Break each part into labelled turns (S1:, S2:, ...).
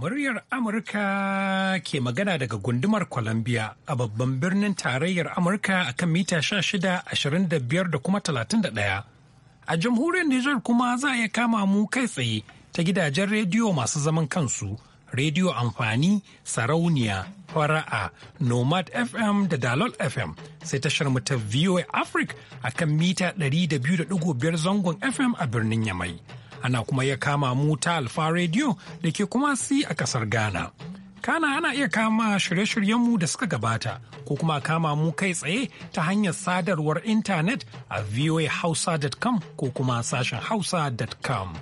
S1: Muryar Amurka ke magana daga gundumar Columbia a babban birnin tarayyar Amurka a kan mita 16,25 da kuma 31. A jamhuriyar Nijar kuma za a iya kama mu kai tsaye ta gidajen rediyo masu zaman kansu, rediyo amfani, sarauniya, fara'a, nomad FM da dalol FM sai tashar mu ta VOA Africa a kan mita 200.5 zangon FM a birnin Yamai. ana kuma ya kama mu ta Alfa Radio da ke kuma si a kasar Ghana. Kana ana iya kama shirye-shiryenmu da suka gabata ko kuma kama mu kai tsaye ta hanyar sadarwar intanet a voahausa.com ko kuma sashen hausa.com.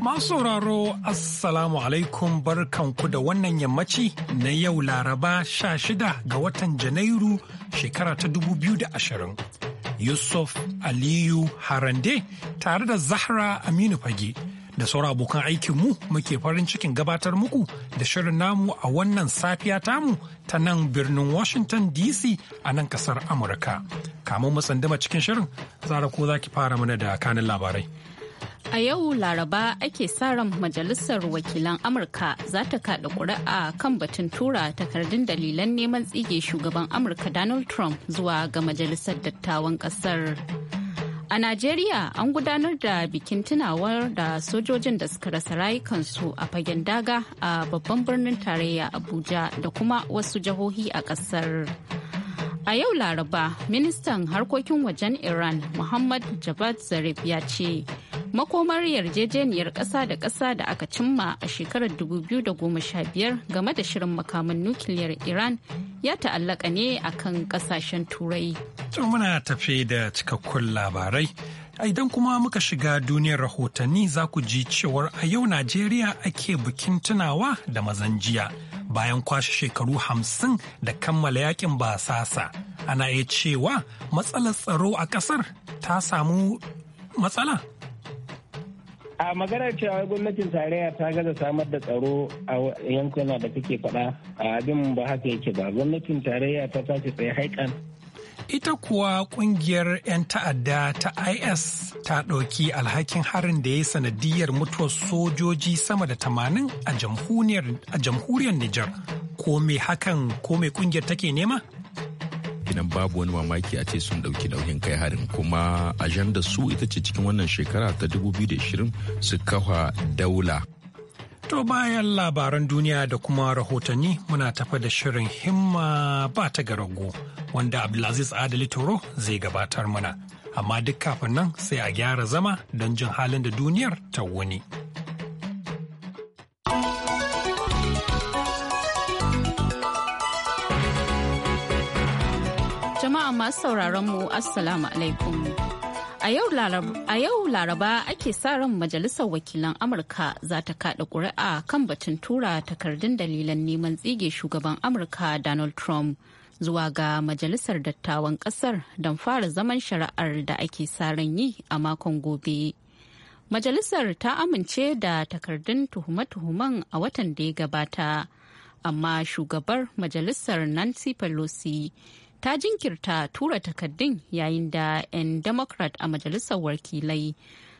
S1: Masu sauraro Assalamu alaikum barkanku da wannan yammaci na yau Laraba 16 ga watan Janairu shekara ta 2020. Yusuf Aliyu Harande tare da Zahra Aminu Fage. Da sauran abokan aikinmu muke farin cikin gabatar muku da shirin namu a wannan safiya tamu ta nan birnin Washington DC a nan kasar Amurka. Kamun mu tsandama cikin shirin, zara ko za ki fara mana da kanin labarai.
S2: A yau Laraba ake sa ran Majalisar Wakilan Amurka za ta kaɗa ƙuri'a kan batun tura takardun dalilan neman tsige shugaban Amurka Donald Trump zuwa ga Majalisar Dattawan ƙasar. A Najeriya an gudanar da bikin tunawar da sojojin da suka rasa rayukansu a fagen daga a babban birnin tarayya Abuja da kuma wasu jihohi a ƙasar. A yau Laraba, ministan harkokin wajen Iran Muhammad Javad Zarif ya ce, makomar yarjejeniyar ƙasa da ƙasa da aka cimma a shekarar 2015 game da shirin makamin nukiliyar iran ya ta'allaka ne a kan ƙasashen turai
S1: muna tafe da cikakkun labarai idan kuma muka shiga duniyar rahotanni za ku ji cewar a yau najeriya ake bikin tunawa da mazan jiya bayan kwashe shekaru hamsin da kammala yakin basasa ana iya cewa matsalar tsaro a ƙasar ta samu matsala
S3: a maganar cewa gwamnatin tarayya ta gaza samar da tsaro a yankuna da kake faɗa abin ba haka yake ba gwamnatin tarayya ta tashi tsaye haikan
S1: ita kuwa kungiyar 'yan ta'adda ta is ta ɗauki alhakin harin da ya yi sanadiyar mutuwar sojoji sama da tamanin a jamhuriyar nijar ko me hakan ko me kungiyar take nema?
S4: nan babu wani mamaki a ce sun dauki nauyin kai harin kuma ajandar su ita ce cikin wannan shekara ta 2020 su kafa daula
S1: To bayan labaran duniya da kuma rahotanni muna tafa da shirin himma ba ta garago wanda Abdulaziz Adali Toro zai gabatar mana. Amma duk kafin nan sai a gyara zama don jin halin da duniyar ta wuni.
S2: masu sauraron mu Assalamu alaikum. A yau Laraba ake sa ran Majalisar Wakilan Amurka za ta kaɗa ƙuri'a kan batun tura takardun dalilan neman tsige shugaban Amurka Donald Trump zuwa ga Majalisar Dattawan kasar don fara zaman shari'ar da ake sa ran yi a makon gobe. Majalisar ta amince da takardun tuhume tuhuman a watan da ya gabata, amma shugabar Majalisar Nancy Pelosi ta jinkirta tura takaddun yayin da 'yan democrat a majalisar wakilai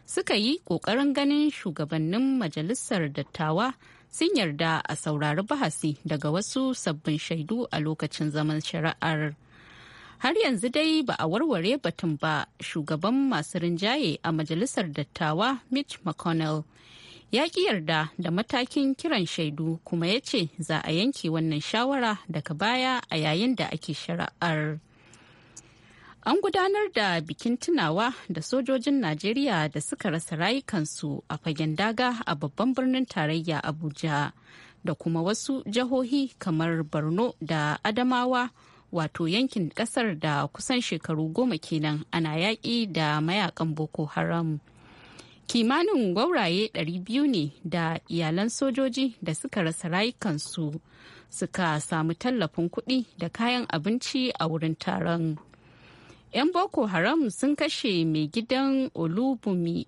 S2: suka yi kokarin ganin shugabannin majalisar dattawa sun yarda a saurari bahasi daga wasu sabbin shaidu a lokacin zaman shari'ar har yanzu dai ba a warware batun ba shugaban masu rinjaye a majalisar dattawa mitch mcconnell ya ki yarda da matakin kiran shaidu kuma ya ce za a yanke wannan shawara daga baya a yayin da ake shari'ar. An gudanar da bikin tunawa da sojojin Najeriya da suka rasa rayukansu a fagen daga a babban birnin tarayya Abuja da kuma wasu jihohi kamar Borno da Adamawa wato yankin kasar da kusan shekaru goma kenan ana yaƙi da mayakan Boko Haram. kimanin gwauraye 200 ne da iyalan sojoji da suka rasa rayukansu suka samu tallafin kuɗi da kayan abinci a wurin taron. 'Yan Boko Haram sun kashe mai gidan Olubumi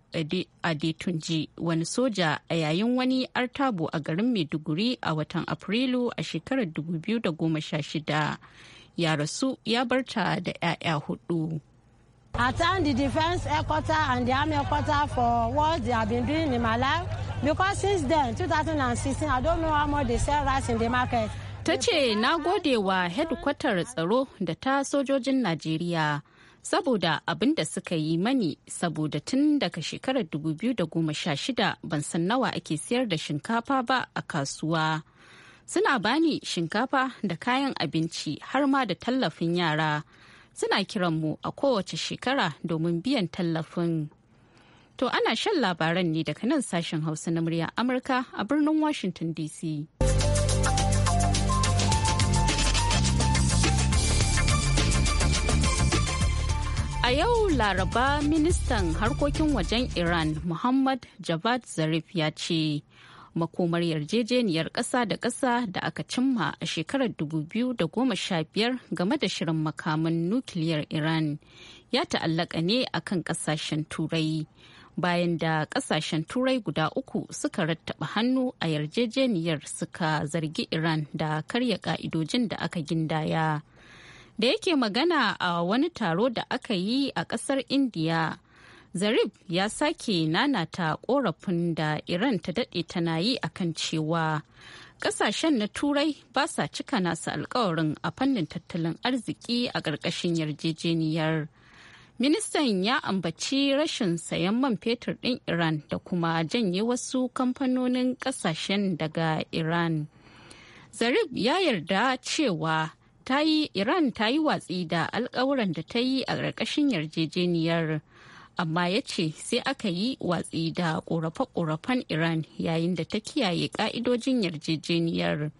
S2: a detunji wani soja a yayin wani artabu a garin Maiduguri a watan Afrilu a shekarar 2016. Ya rasu ya barta da 'ya'ya hudu. attend the defense
S5: headquarters and the army headquarters for what they have been doing in my life because since then
S2: 2016 i don't know how much they sell rice in the market. ta ce na gode wa hedkwatar tsaro da ta sojojin najeriya saboda abin da suka yi mani saboda tun daga shekarar 2016 ban san nawa ake siyar da shinkafa ba a kasuwa suna bani shinkafa da kayan abinci har ma da tallafin yara. suna kiran mu a kowace shekara domin biyan tallafin. To ana shan labaran ne daga nan sashen Hausa na murya Amurka a birnin Washington DC. A yau Laraba ministan harkokin wajen Iran Muhammad Javad Zarif ya ce makomar yarjejeniyar ƙasa da ƙasa da aka cimma a shekarar 2015 game da shirin makaman nukiliyar iran ya ta'allaka ne a kan ƙasashen turai bayan da ƙasashen turai guda uku suka rattaba hannu a yarjejeniyar suka zargi iran da karya ka'idojin da aka gindaya da yake magana a wani taro da aka yi a ƙasar indiya Zarif ya sake nanata korafin da Iran ta daɗe tana yi a kan cewa ƙasashen na turai ba sa cika nasu alkawarin a fannin tattalin arziki a ƙarƙashin yarjejeniyar. Ministan ya ambaci rashin sayan man fetur ɗin Iran da kuma janye wasu kamfanonin ƙasashen daga Iran. Zarif ya yarda cewa tayi Iran ta yi watsi da alkawuran da ta yi a ƙarƙashin yarjejeniyar. amma ya ce sai aka yi watsi da ƙorafe-ƙorafen iran yayin da ta kiyaye ƙa'idojin yarjejeniyar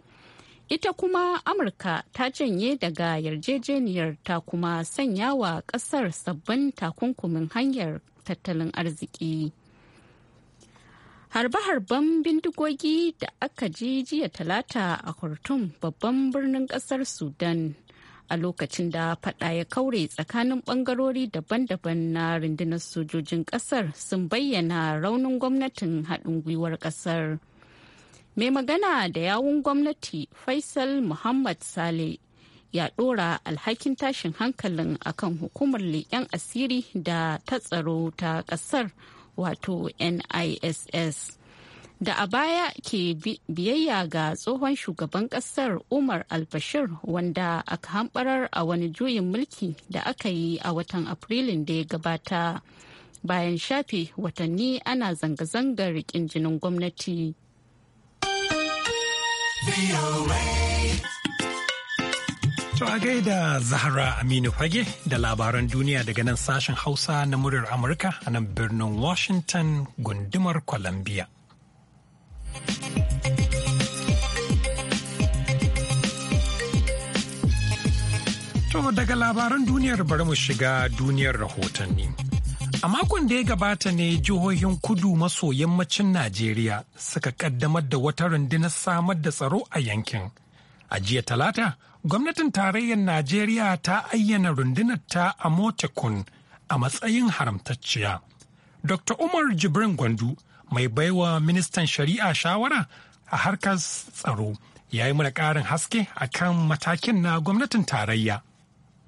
S2: ita kuma amurka ta janye daga yarjejeniyar ta kuma sanya wa ƙasar sabbin takunkumin hanyar tattalin arziki harbe-harben bindigogi da aka ji jiya talata a khartoum babban birnin ƙasar sudan a lokacin da fada ya kaure tsakanin bangarori daban-daban na rundunar sojojin kasar sun bayyana raunin gwamnatin haɗin gwiwar kasar mai magana da yawun gwamnati faisal muhammad sale ya ɗora alhakin tashin hankalin akan hukumar leƙen asiri da ta tsaro ta ƙasar wato niss da a baya ke biyayya ga tsohon shugaban kasar umar albashir wanda aka hambarar a wani juyin mulki da aka yi a watan afrilun da ya gabata bayan shafe watanni ana zanga-zangar rikin jinin gwamnati
S1: To a gaida Zahra Aminu Fage da labaran duniya daga nan sashen Hausa na muryar Amurka a nan birnin Washington gundumar Columbia. To daga labaran duniyar bari mu shiga duniyar rahotanni. A makon da ya gabata ne jihohin kudu maso yammacin Najeriya suka kaddamar da wata rundunar samar da tsaro a yankin. A jiya talata, gwamnatin tarayyar Najeriya ta ayyana rundunar ta a Motekun a matsayin haramtacciya. Dr. Umar Jibrin Gwandu mai baiwa ministan shari'a shawara a harkar tsaro ya yi mana ƙarin haske a kan matakin na gwamnatin tarayya.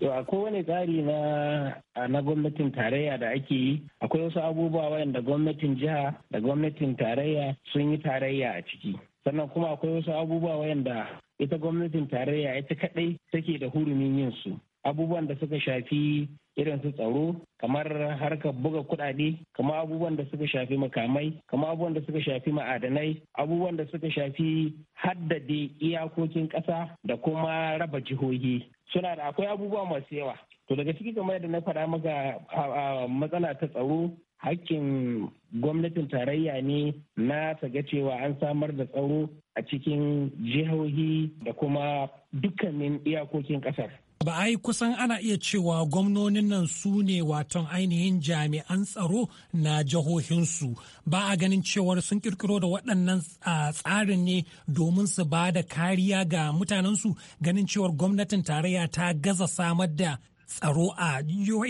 S3: To a kowane tsari na na gwamnatin tarayya da ake yi akwai wasu abubuwa wayanda gwamnatin jiha da gwamnatin tarayya sun yi tarayya a ciki. Sannan kuma akwai wasu abubuwa wayanda ita gwamnatin tarayya ita kaɗai take da hurumin yin su. abubuwan da suka shafi irin su tsaro kamar harkar buga kuɗaɗe kama abubuwan da suka shafi makamai kamar abubuwan da suka shafi ma'adanai abubuwan da suka shafi haddade iyakokin ƙasa da kuma raba jihohi suna da akwai abubuwa masu yawa to daga ciki kamar da na faɗa maka matsala ta tsaro hakkin gwamnatin tarayya ne na ga cewa an samar da tsaro a cikin jihohi da kuma dukkanin iyakokin kasar.
S1: ba yi kusan ana iya cewa gwamnonin nan su ne waton ainihin jami'an tsaro na jihohinsu ba a ganin cewar sun kirkiro da waɗannan tsarin ne domin su ba da kariya ga mutanensu ganin cewar gwamnatin tarayya ta gaza samar da tsaro a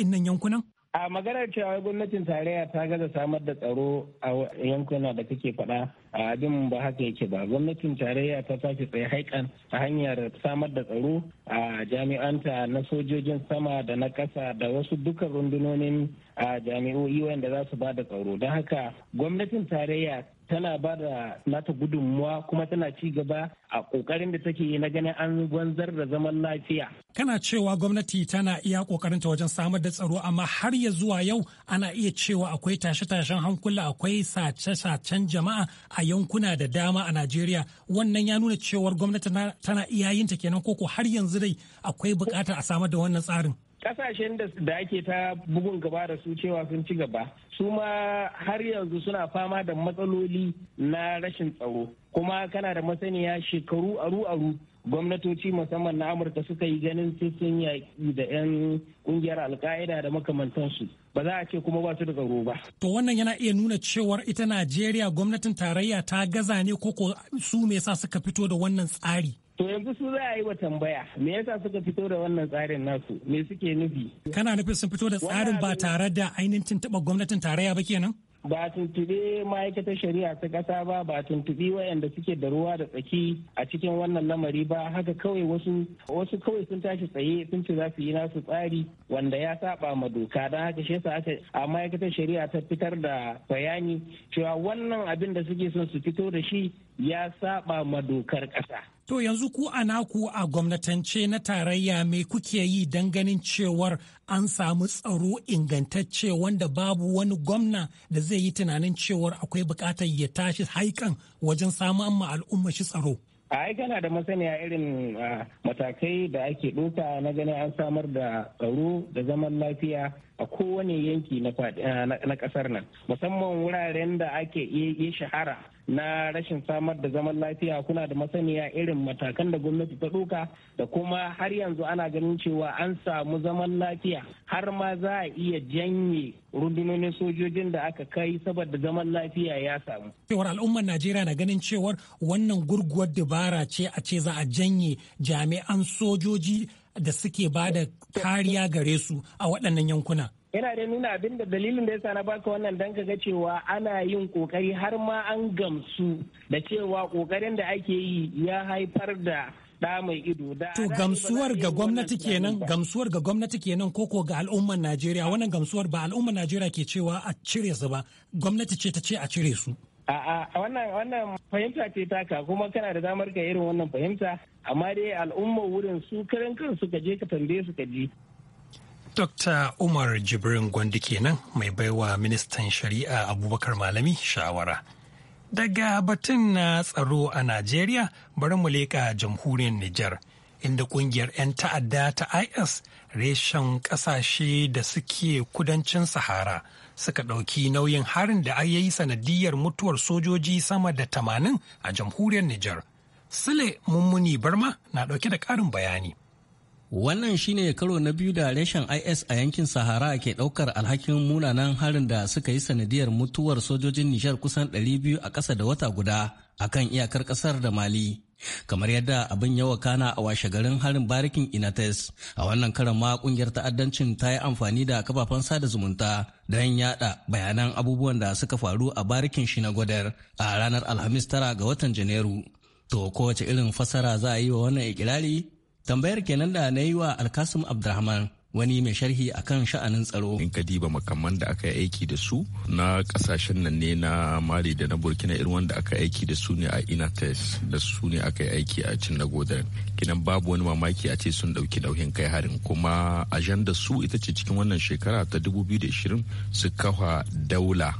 S1: nan yankunan?
S3: a maganar cewa gwamnatin tarayya ta gaza samar da tsaro a yankuna da kake faɗa a abin ba haka yake ba gwamnatin tarayya ta sake tsaye haikan ta hanyar samar da tsaro a jami'anta na sojojin sama da na ƙasa da wasu dukkan rundunonin a jami'o'i wanda za su ba da tsaro don haka gwamnatin tarayya tana ba da nata gudunmuwa kuma tana ci gaba a kokarin da take yi na ganin an gwanzar da zaman lafiya.
S1: Kana cewa gwamnati tana iya kokarinta wajen samar da tsaro amma har ya zuwa yau ana iya cewa akwai tashe-tashen hankula akwai sace-sacen jama'a a yankuna da dama a Najeriya wannan ya nuna cewar gwamnati tana iya yin ta kenan koko har yanzu dai akwai buƙatar a samar da wannan tsarin.
S3: kasashen da ake ta bugun gaba da su cewa sun ci gaba su ma har yanzu suna fama da matsaloli na rashin tsaro kuma kana da masaniya shekaru aru-aru gwamnatoci musamman na amurka suka yi ganin sun yaƙi da 'yan ƙungiyar alka'ida da makamantansu ba za a ce kuma ba su da
S1: tsaro ba. to wannan yana iya nuna cewar ita najeriya gwamnatin tarayya ta gaza ne koko su me yasa suka fito da wannan tsari
S3: To yanzu su za a yi wa tambaya me yasa suka fito da wannan tsarin nasu me suke nufi.
S1: Kana nufin sun fito da tsarin ba tare da ainihin taɓa gwamnatin tarayya ba kenan? Ba tuntuɓe
S3: ma'aikatar shari'a ta ƙasa ba ba
S1: tuntuɓi wayanda
S3: suke da ruwa da tsaki a cikin wannan lamari ba haka kawai wasu wasu kawai sun tashi tsaye sun ce za su yi nasu tsari wanda ya saba ma doka don haka shi yasa aka a ma'aikatar shari'a ta fitar da bayani cewa wannan abin da suke son su fito da shi ya saɓa ma dokar ƙasa.
S1: To yanzu ku a naku a gwamnatance na tarayya mai kuke yi don ganin cewar an samu tsaro ingantacce wanda babu wani gwamna da zai yi tunanin cewar akwai bukatar ya tashi haikan wajen samun ma al'umma shi tsaro.
S3: A kana da masaniya irin ah, matakai da ake ɗuka na ganin an samar da tsaro da zaman lafiya a kowane yanki eh, na kasar nan musamman wuraren da ake iya shahara na rashin samar da zaman lafiya kuna da masaniya irin matakan da gwamnati ta ɗuka da kuma har yanzu ana ganin cewa an samu zaman lafiya har ma za a iya janye rundunonin sojojin da aka kai saboda zaman lafiya ya samu.
S1: Cewar al'ummar Najeriya na ganin cewar wannan gurguwar dabara ce a ce za a janye jami'an sojoji da suke ba da kariya gare su a waɗannan yankuna.
S3: yana da nuna abin da dalilin da ya sa na baka wannan dan ga cewa ana yin kokari har ma an gamsu da cewa kokarin da ake yi ya haifar da da mai ido to gamsuwar ga gwamnati kenan
S1: gamsuwar ga gwamnati kenan koko ga al'ummar Najeriya wannan gamsuwar ba al'ummar Najeriya ke cewa a cire su ba gwamnati ce ta ce a cire su A'a wannan wannan fahimta ce
S3: taka kuma kana da damar ka irin wannan fahimta amma dai al'umma wurin su karan kansu ka je ka tambaye su ka ji.
S1: Dr. Umar Jibrin Gwandi kenan mai baiwa ministan shari'a Abubakar Malami shawara. Daga batun na tsaro a Najeriya bari mu leƙa jamhuriyar Nijar inda kungiyar 'yan ta'adda ta IS reshen ƙasashe da suke kudancin Sahara. suka ɗauki nauyin harin da ya yi sanadiyar mutuwar sojoji sama da tamanin a jamhuriyar Nijar. Sule Mummuni Barma na ɗauke da ƙarin bayani. Wannan
S6: shine karo na biyu da reshen IS a yankin Sahara ke ɗaukar alhakin munanan harin da suka yi sanadiyar mutuwar sojojin Nijar kusan 200 a ƙasa da wata guda akan iyakar ƙasar da Mali. kamar yadda abin yawa Kana a washe garin harin barikin inates a wannan karan ma kungiyar ta'addancin ta yi amfani da kafafen sada zumunta don yada bayanan abubuwan da suka faru a barikin shi na gwadar a ranar alhamis tara ga watan janairu to kowace irin fasara za a yi wa wannan ikirari tambayar kenan da na yi wa alkasim abdurrahman wani mai sharhi akan sha'anin tsaro.
S4: In ka diba makaman da aka yi aiki da su na kasashen nan ne na Mali da na Burkina irin wanda aka yi aiki da su ne a Inates da su ne aka yi aiki a cin na Godan. Kinan babu wani mamaki a ce sun dauki nauyin kai harin kuma ajanda su ita ce cikin wannan shekara ta 2020 su kafa daula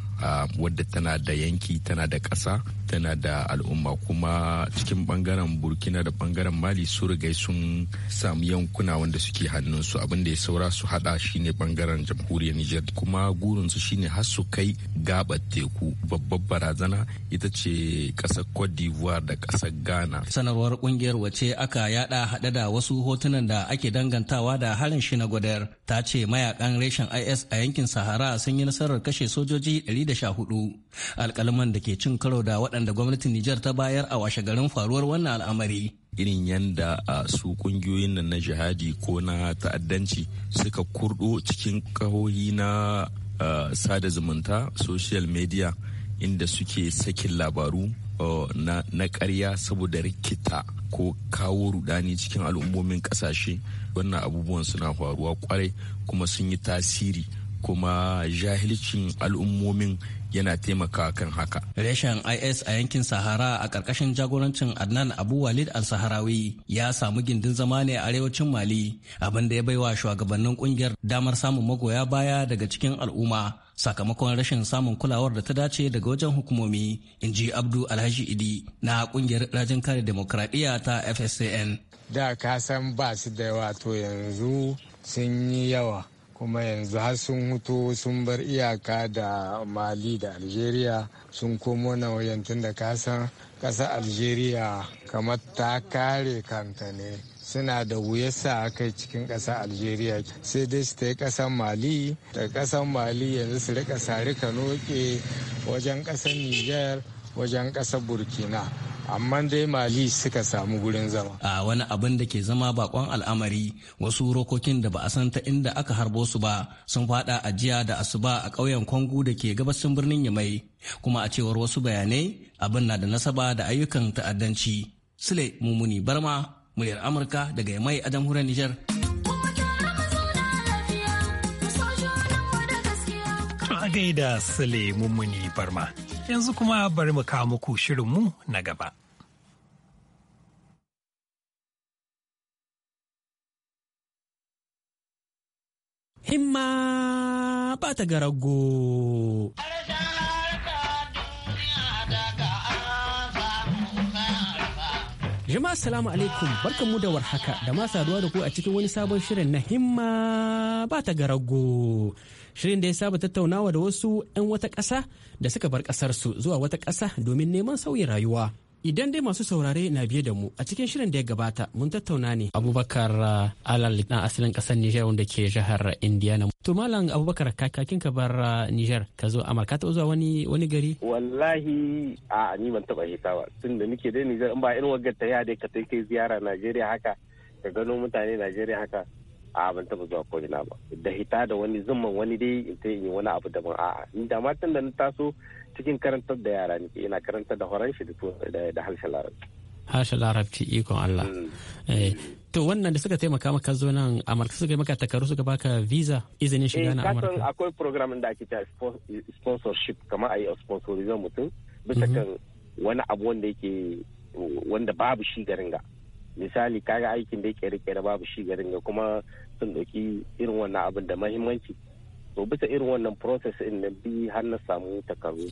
S4: wadda tana da yanki tana da ƙasa tana da al'umma kuma cikin bangaren burkina da bangaren mali su rigai sun samu yankuna wanda suke hannunsu abin da ya saura su hada shine bangaren jamhuriyar niger kuma gurinsu shine har su kai gabar teku babbar barazana ita ce ƙasar cote d'ivoire da ƙasar ghana
S6: sanarwar kungiyar wace aka yada hada da wasu hotunan da ake dangantawa da harin shi na gwadar ta ce mayakan reshen is a yankin sahara sun yi nasarar kashe sojoji 2014 alkalaman da ke cin karo da waɗanda gwamnatin Nijar ta bayar a washe garin faruwar wannan al'amari.
S4: Irin yanda a su kungiyoyin nan na jihadi ko na ta'addanci suka kurɗo cikin kahohi na sada zumunta social media inda suke sakin labaru na, na karya saboda rikita ko kawo rudani cikin al'ummomin ƙasashe, wannan abubuwan suna faruwa kwarai kuma sun yi tasiri kuma jahilcin al'ummomin yana taimaka kan haka.
S6: Reshen IS a yankin Sahara a ƙarƙashin jagorancin Adnan Abu Walid al-Saharawi ya samu gindin zama ne a arewacin Mali abin da ya baiwa shugabannin ƙungiyar damar samun magoya baya daga cikin al'umma sakamakon rashin samun kulawar da ta dace daga wajen hukumomi in ji Abdu Alhaji Idi na ƙungiyar rajin kare demokradiyya ta FSCN.
S3: Da ka san ba su da wato yanzu sun yi yawa. kuma yanzu har sun hutu sun bar iyaka da mali da algeria sun komo na wayantun da kasan kasa algeria kamar ta kare kanta ne suna da wuya sa kai cikin ƙasar algeria sai dai su ta yi ƙasar mali da ƙasar mali yanzu su rika sari kanoke wajen ƙasar niger wajen ƙasar burkina amma dai mali suka samu gurin zama
S6: a wani abin da ke zama bakon al'amari wasu rokokin da ba a san ta inda aka harbo su ba sun fada a jiya da asuba a ƙauyen kwangu da ke gabasun birnin yamai kuma a cewar wasu bayanai abin na da nasaba da ayyukan ta'addanci sule mumuni barma muryar amurka daga yamai a jamhuriyar nijar.
S1: gaida Sule Mummuni Barma. yanzu kuma bari mu kawo muku shirinmu na gaba. Himma ba ta garago.
S7: Jama'a salamu alaikum barkanmu da warhaka da ma saduwa da ku a cikin wani sabon shirin na himma ba ta garago. shirin da ya saba tattaunawa da wasu 'yan wata ƙasa da suka bar ƙasarsu zuwa wata ƙasa domin neman sauyin rayuwa idan dai masu saurare na biye da mu a cikin shirin da ya gabata mun tattauna ne abubakar uh, alal na asalin ƙasar niger wanda ke jihar indiana to malam abubakar kakakin ka bar uh, niger ka zo amurka ta zuwa wani wani gari
S3: wallahi a ni ban taba hita ba tun da nake dai niger in ba irin wagar ta ya dai ka kai ziyara najeriya haka ka gano mutane nigeria haka a ban taba zuwa ko ina ba da hita da wani zumman wani dai in ta yi wani abu daban a'a ni da matan da na taso cikin karantar da yara ne ina karantar da horon shi da harshen
S7: larabci harshen larabci ikon Allah mm. eh, to wannan da suka taimaka maka zo nan Amurka suka yi maka takaru suka baka visa izinin shiga na eh, Amurka eh
S3: akwai program da ake ta sponsorship kamar ayi sponsorizan mutum bisa mhm. kan wani abu wanda yake wanda babu shi garin ga misali kaga aikin da yake rike babu shi garin ga kuma sun ɗauki irin wannan abin da mahimmanci to bisa irin wannan process in na bi har na samu takardu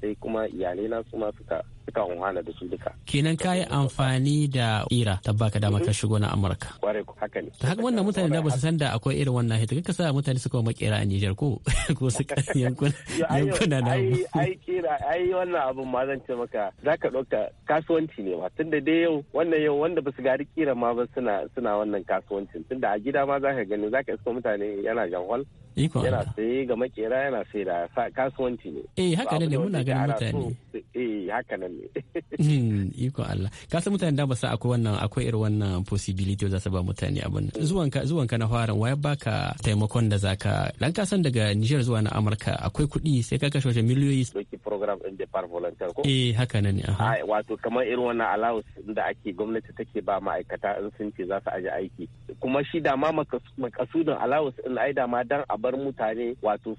S3: sai kuma iyalai na su ma suka suka wahala da su duka
S7: kenan ka yi amfani da ira ta baka dama ka shigo na amurka kware ku haka ne haka wannan mutane da ba su san da akwai irin wannan hita kaka sa mutane suka makera a Nijar ko ko su yankuna yankuna na ai ai
S3: kira ai wannan abun ma zan ce maka zaka dauka kasuwanci ne ma tunda dai yau wannan yau wanda ba su gari kira ma ba suna suna wannan kasuwancin tunda a gida ma zaka gani zaka iska mutane yana janwal yana sai ga makera yana sai da kasuwanci ne eh haka ne muna ganin mutane eh haka nan ne
S7: hmm, iko Allah ka san mutane da ba sa akwai wannan akwai irin wannan possibility za su ba mutane abin zuwan ka zuwan ka na fara waya baka taimakon da zaka dan ka san daga Niger zuwa na Amurka akwai kuɗi sai ka kashe wajen miliyoyi doki program in par volunteer ko eh haka ne. ne
S3: wato kamar irin wannan allowance da ake gwamnati take ba ma'aikata in sun ce za su aje aiki kuma shi da ma makasudin allowance in ai da ma dan a bar mutane wato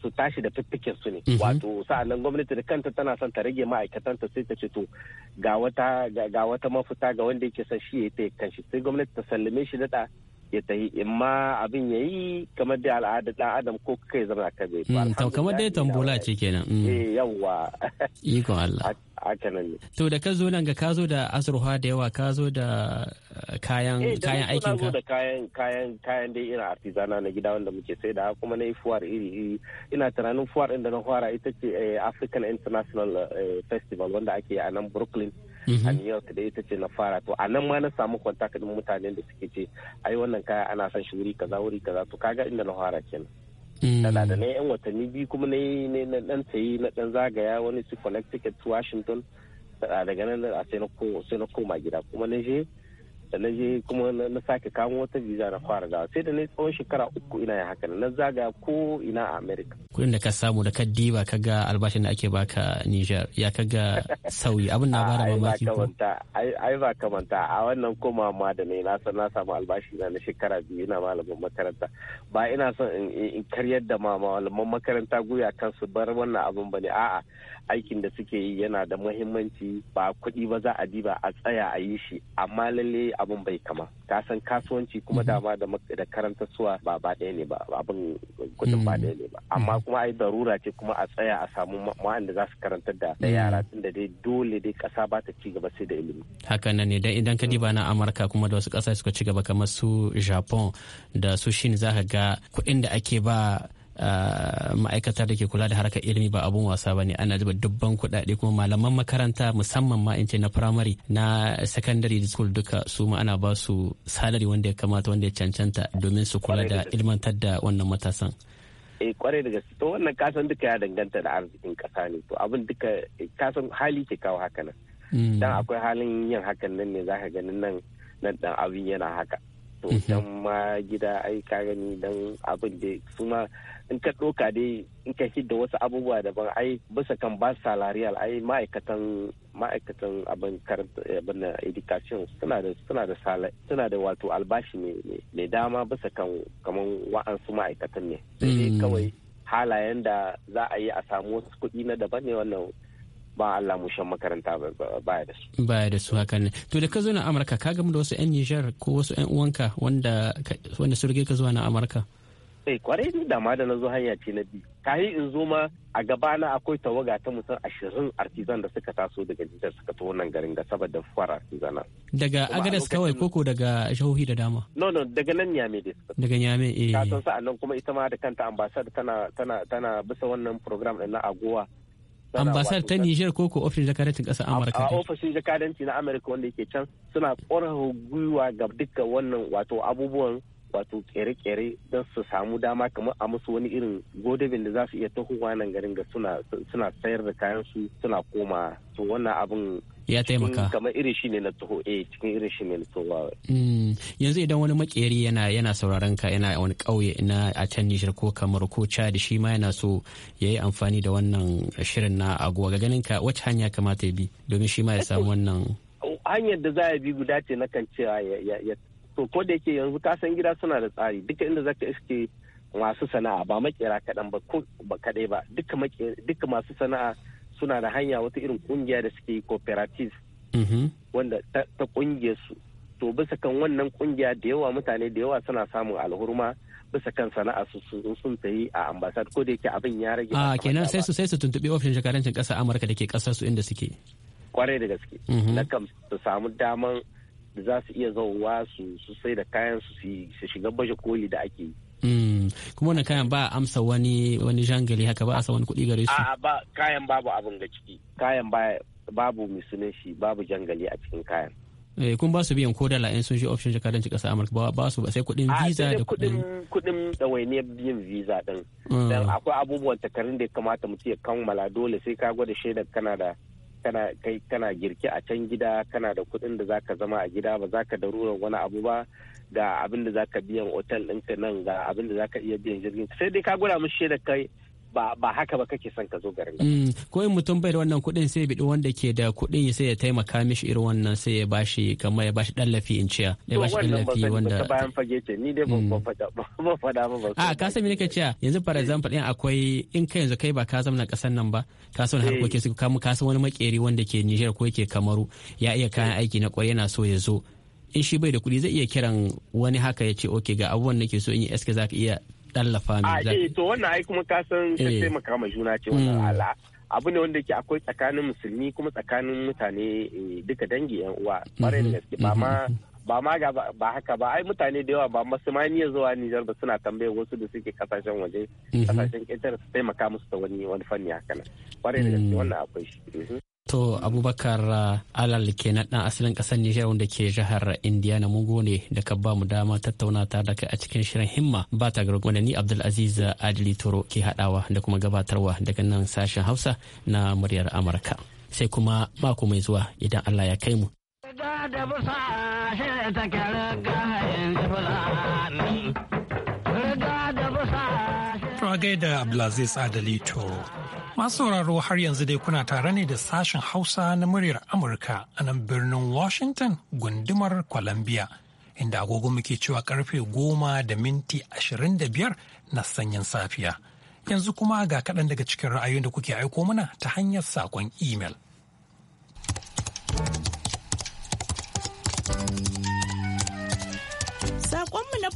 S3: su tashi da fiffikin su ne mhm. wato sa'annan gwamnati da kanta tana son ta rage ma'aikatan ta sai ta ce to ga wata ga wata mafita ga wanda yake son shi ya ta kanshi sai gwamnati ta sallame shi da ya tahi in ma abin ya yi kamar da al'adar ɗan adam ko kai zama ka bai to kamar
S7: dai tambola ce kenan mm. eh yawa iko Allah haka nan ne to da ka zo nan ga ka zo da azurfa da yawa ka zo da eh, kayan eh, kayan aikin ka da
S3: kayan kayan kayan dai ina artizana na gida wanda muke sai da kuma na yi fuwar iri iri ina tunanin fuwar inda na fara ita ce eh, African International Festival wanda ake a nan Brooklyn Mhm. a new york da ita ce na fara to a nan ma na samu kwantaka din mutanen da suke ce ai wannan kaya ana son shi wuri kaza wuri kaza to kaga inda na fara kenan mm. tana da na yan watanni biyu kuma na yi na dan sayi na dan zagaya wani su connecticut washington daga nan a sai na koma gida kuma na je da na je kuma na sake kawo wata visa na fara dawa sai da na tsawon shekara uku ina yin haka na zaga ko ina a america
S7: kudin da ka samu da ka diba ka ga albashin da ake baka niger ya ka ga sauyi abin na bada mamaki ko
S3: ai ba kamanta a wannan koma ma da ne na san na samu albashi na shekara biyu ina malamin makaranta ba ina son in karyar da ma malaman makaranta guya kan su bar wannan abin bane a'a aikin da suke yi yana da mahimmanci. ba kuɗi ba za a diba a tsaya a yi shi amma lalle abin bai kama ka san kasuwanci kuma mhm. dama da karanta suwa ba ba ɗaya ne ba abin kuɗin ba mhm. ɗaya ne ba amma mhm. kuma ai darura ce kuma a tsaya a samu da za su karantar da yara tun da dai dole dai ƙasa ba ta ci gaba sai da
S7: ilimi haka nan ne dan idan ka diba na amurka kuma da wasu ƙasashe suka ci gaba kamar su japan da su shin za ka ga kuɗin da ake ba Ah, ma'aikatar da ke kula da harkar ilimi ba abun wasa ba ne ana zuba dubban kuɗaɗe kuma malaman makaranta musamman ma in ce na primary na secondary school duka su ma ana ba su salari wanda ya kamata wanda ya cancanta domin su kula da ilmantar da wannan matasan.
S3: eh kwarai da gaske to wannan kasan duka ya danganta da arzikin kasa ne to abin duka eh, kasan hali ke kawo haka nan hmm. dan akwai halin yin hakan nan ne zaka ganin nan nan dan abin yana haka to mhm. can ma gida ai ka gani dan abin da su ma in ka ɗoka dai in ka hidda wasu abubuwa daban ai bisa kan ba salarial ai ma'aikatan ma'aikatan abin karanta abin education suna da suna da sala suna da wato albashi ne mai dama bisa kan kaman wa'ansu ma'aikatan ne sai mm. kawai halayen da za a yi a samu wasu kuɗi na daban ne wannan ba Allah mu shan makaranta baya da
S7: su. Baya da su hakan ne. To da ka zo na Amurka ka gamu da wasu 'yan Nijar ko wasu 'yan uwanka wanda wanda su rige ka zuwa na Amurka.
S3: Eh kwarai ni da ma da na zo hanya ce na bi. Kayi in zo ma a na akwai tawaga ta mutum ashirin artizan da suka taso daga Nijar suka taho nan garin ga saboda fara artizan.
S7: Daga Agadas kawai koko daga jihohi da dama? No no
S3: daga nan Nyame dai suka.
S7: Daga Nyame eh. Ka san
S3: sa'annan nan kuma ita ma da kanta ambasad tana tana tana bisa wannan program din na Agowa ambasar ta
S7: Niger ko ko ofishin jakadancin ƙasar Amurka a
S3: ofishin jakadanci na Amurka wanda yake can suna ƙorafa gwiwa ga dukkan wannan wato abubuwan wato kere-kere don su samu dama kamar a musu wani irin godabin da za su iya tahowa nan garin ga suna sayar da kayan su suna koma to wannan abin ya taimaka kamar irin shi ne na taho eh cikin irin shi ne na taho
S7: hmm. yanzu idan wani makeri yana yana sauraron ka yana wani kauye na a can Nijar ko kamar ko Chad shi ma yana so yayi amfani da wannan shirin na ga ganin ka wacce hanya kamata ya bi domin shi ma ya samu wannan
S3: hanyar da za a bi guda ce na kan cewa ya to ko da yake yanzu ka san gida suna da tsari duka inda zaka iske masu sana'a ba makera kaɗan ba ko ba kaɗai ba duka masu sana'a suna da hanya wata irin kungiya da suke yi cooperatives. Mhm. wanda ta kungiya su to bisa kan wannan kungiya da yawa mutane da yawa suna samun alhurma bisa kan sana'a su sun sayi a ambasad ko da yake abin ya rage ah, a kenan sai
S7: su sai su tuntubi ofishin jakarancin kasar amurka da ke kasar su inda suke
S3: kwarai da gaske mhm. na kan su samu daman da za su iya zauwa su sai da kayan su su shiga baje koli da ake yi
S7: Mm. kuma wannan kayan ba amsa wani wani jangali haka ba a sa wani kuɗi gare su
S3: ba kayan babu abin ga ciki kayan ba babu misunan shi babu jangali a cikin kayan
S7: eh kun ba su biyan ko dala in sun shi option jakadanci kasa amurka ba ba su ba sai kudin visa da kudin
S3: kudin ɗawainiyar biyan visa din mm. dan akwai abubuwan takarin da ya kamata mutum ya kammala dole sai ka gwada shaidar kana da kana kai kana girki a can gida kana da kudin da zaka zama a gida ba zaka darura wani abu ba ga abin da zaka biyan otal ɗinka nan ga abin da zaka iya biyan jirgin sai dai ka gwada musu shaida kai ba ba haka ba kake son ka zo garin
S7: nan. Mm, ko in mutum bai da wannan kuɗin sai biɗi wanda ke da kuɗin sai ya taimaka mishi irin wannan sai ya bashi kamar ya bashi ɗallafi in ciya ya bashi ɗallafi wanda.
S3: bayan fage ce ni dai ban mm. faɗa ba ba. a
S7: ka san me nake cewa yanzu for example ɗin akwai in kai yanzu kai ba ka zama na ƙasar nan ba ka san eh. harkokin su mu ka san wani makeri wanda ke Nijar ko yake Kamaru ya iya kayan aiki na ƙwarai yana so ya zo in shi bai da kuɗi zai iya kiran wani haka ya ce ok ga abubuwan nake so in yi eske za ka iya tallafa mai za eh,
S3: to wannan ai kuma ka san ka eh. taimaka ma juna ce wannan mm. ala abu ne wanda ke akwai tsakanin musulmi kuma tsakanin mutane eh, duka dangi yan uwa ƙwarai da mm-hmm. gaske ba ma mm-hmm. ba ma ga ba haka ba ai mutane da yawa ba masu ma niyyar zuwa Nijar ba suna tambayar wasu da suke kasashen waje mm-hmm. kasashen ƙetare su taimaka musu da wani wani fanni haka nan ƙwarai da gaske mm. wannan akwai shi
S7: To Abubakar uh, Alal kenan dan asalin ƙasar Nijar wanda ke jihar Indiana Mugo ne da ka ba mu dama tattauna ta da kai a cikin shirin himma ba ta ga wanda ni Abdulaziz Adili Toro ke hadawa da kuma gabatarwa daga nan sashen Hausa na muryar Amurka. Sai kuma mako mai zuwa idan Allah
S1: ya kai mu.
S6: Da riga
S1: Ragai da Abdulaziz Adali Toro. Masu sauraro har yanzu dai kuna tare ne da sashen Hausa na muryar Amurka a nan birnin Washington gundumar Columbia. Inda agogon muke cewa karfe goma da minti ashirin da biyar na sanyin safiya. Yanzu kuma ga kaɗan daga cikin ra'ayoyin da kuke aiko mana ta hanyar saƙon imel.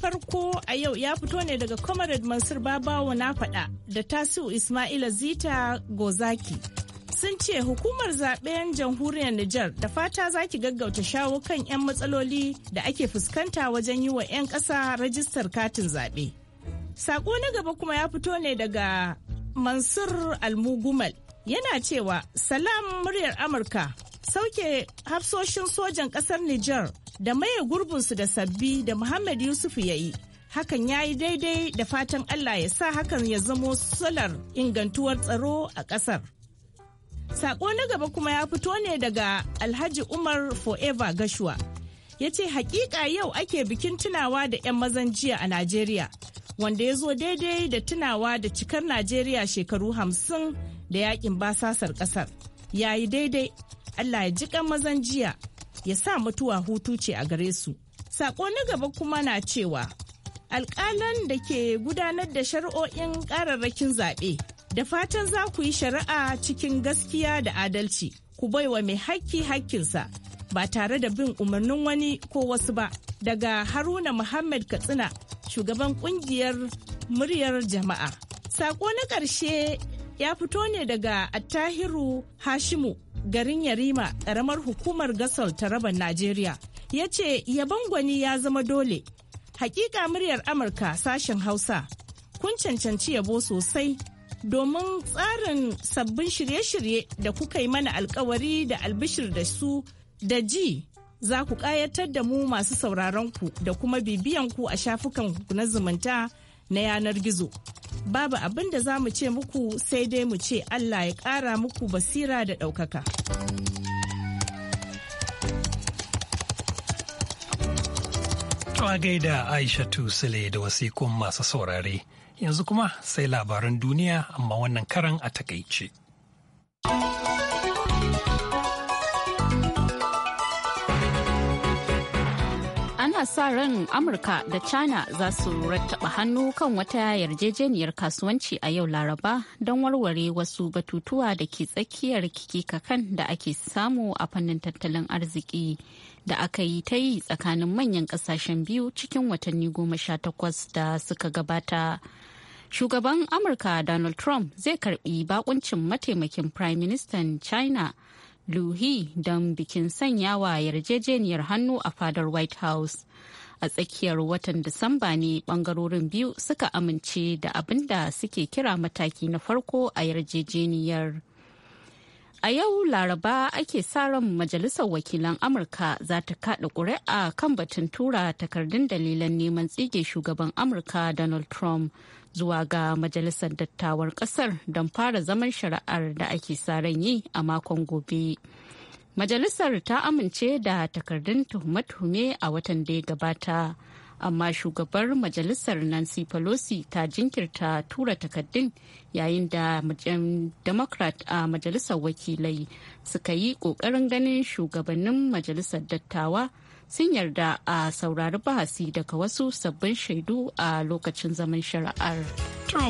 S5: farko a yau ya fito ne daga Comrade Mansur Babawo na faɗa da Tasiu Ismaila Zita Gozaki. Sun ce hukumar zaben jamhuriyar Nijar da fata za ki gaggauta shawo kan 'yan matsaloli da ake fuskanta wajen yi wa 'yan ƙasa rajistar katin zaɓe. saƙo na gaba kuma ya fito ne daga Mansur Almugumal yana cewa Salam muryar Amurka sauke hafsoshin sojan ƙasar Nijar da maye gurbinsu da sabbi da Muhammad Yusuf ya yi. Hakan ya yi daidai da fatan Allah ya sa hakan ya zamo salar ingantuwar tsaro a ƙasar. Saƙo na gaba kuma ya fito ne daga Alhaji Umar Forever Gashuwa. Ya ce hakika yau ake bikin tunawa da 'yan mazan jiya a Najeriya, wanda ya zo daidai da tunawa da cikar Najeriya shekaru hamsin da yakin basasar ƙasar. Ya yi daidai, Allah ya ji mazan jiya. ya sa mutuwa hutu ce a gare su. Sako na gaba kuma na cewa alƙalan da ke gudanar da shari'o'in ƙararrakin zaɓe da fatan za ku yi shari'a cikin gaskiya da adalci ku baiwa mai haƙƙi haƙƙinsa ba tare da bin umarnin wani ko wasu ba daga haruna muhammad katsina shugaban ƙungiyar muryar jama'a sako na ƙarshe ya fito ne daga attahiru hashimu garin Yarima karamar hukumar Gasol Taraban Najeriya ya ce yabon gwani ya zama dole. Hakika muryar Amurka sashen Hausa kun cancanci yabo sosai domin tsarin sabbin shirye-shirye da kuka yi mana alkawari da albishir da su da ji za ku ƙayatar da mu masu sauraron ku da kuma bibiyan ku a shafukan na zumunta na yanar gizo. Babu abin da za mu ce muku sai dai mu ce Allah ya ƙara muku basira da ɗaukaka.
S1: Tuwa gaida Aisha Tusile da wasikun masu saurare, yanzu kuma sai labaran duniya amma wannan karan a takaice.
S2: kasa sa ran Amurka da China za su rattaba hannu kan wata yarjejeniyar kasuwanci a yau Laraba don warware wasu batutuwa da ke tsakiyar kikakan da ake samu a fannin tattalin arziki da aka yi ta yi tsakanin manyan kasashen biyu cikin watanni goma sha takwas da suka gabata. Shugaban Amurka Donald Trump zai karbi bakuncin mataimakin Prime Minister China. Luhi don bikin sanyawa yarjejeniyar hannu a fadar White House. a tsakiyar watan Disamba ne bangarorin biyu suka amince da abin da suke kira mataki na farko a yarjejeniyar. A yau Laraba ake sa ran Majalisar Wakilan Amurka za ta kaɗa ƙuri'a kan batun tura takardun dalilan neman tsige shugaban Amurka Donald Trump zuwa ga Majalisar Dattawar ƙasar don fara zaman shari'ar da ake sa ran yi a makon gobe. Majalisar ta amince da takardun tuhume-tuhume a watan da ya gabata, amma shugabar majalisar Nancy Pelosi ta jinkirta tura takardun yayin da Democrat a majalisar wakilai suka yi ƙoƙarin ganin shugabannin majalisar dattawa sun yarda a saurari bahasi daga wasu sabbin shaidu a lokacin zaman shari'ar.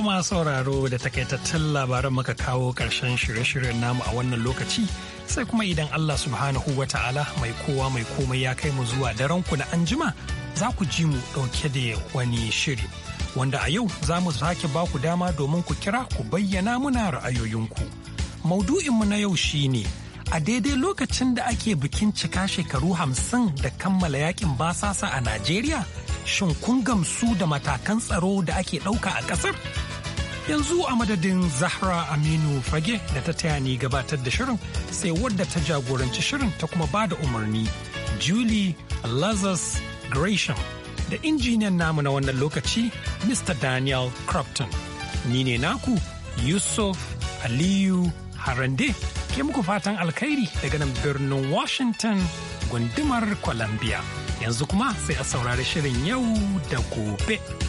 S1: ma sauraro da takaitattun labaran muka kawo karshen shirye-shiryen namu a wannan lokaci sai kuma idan Allah subhanahu wa ta'ala mai kowa mai komai ya kai mu zuwa daren ku na anjima za ku ji mu ɗauke da wani shiri. Wanda a yau za mu sake ba ku dama domin ku kira ku bayyana muna ra'ayoyinku. Maudu'inmu na yau shine ne a daidai lokacin da ake bikin cika shekaru hamsin da kammala yakin basasa a Najeriya? Shin kun gamsu da matakan tsaro da ake ɗauka a ƙasar? Yanzu a madadin Zahra Aminu Fage da ta taya ni gabatar da shirin sai wadda ta jagoranci shirin ta kuma ba da umarni. Julie Lazarus Gresham da injiniyan namu na wannan lokaci Mr. Daniel Crofton. Ni ne naku Yusuf Aliyu Harande. ke muku fatan alkhairi daga nan birnin Washington gundumar Columbia. Yanzu kuma sai a saurari shirin yau da gobe.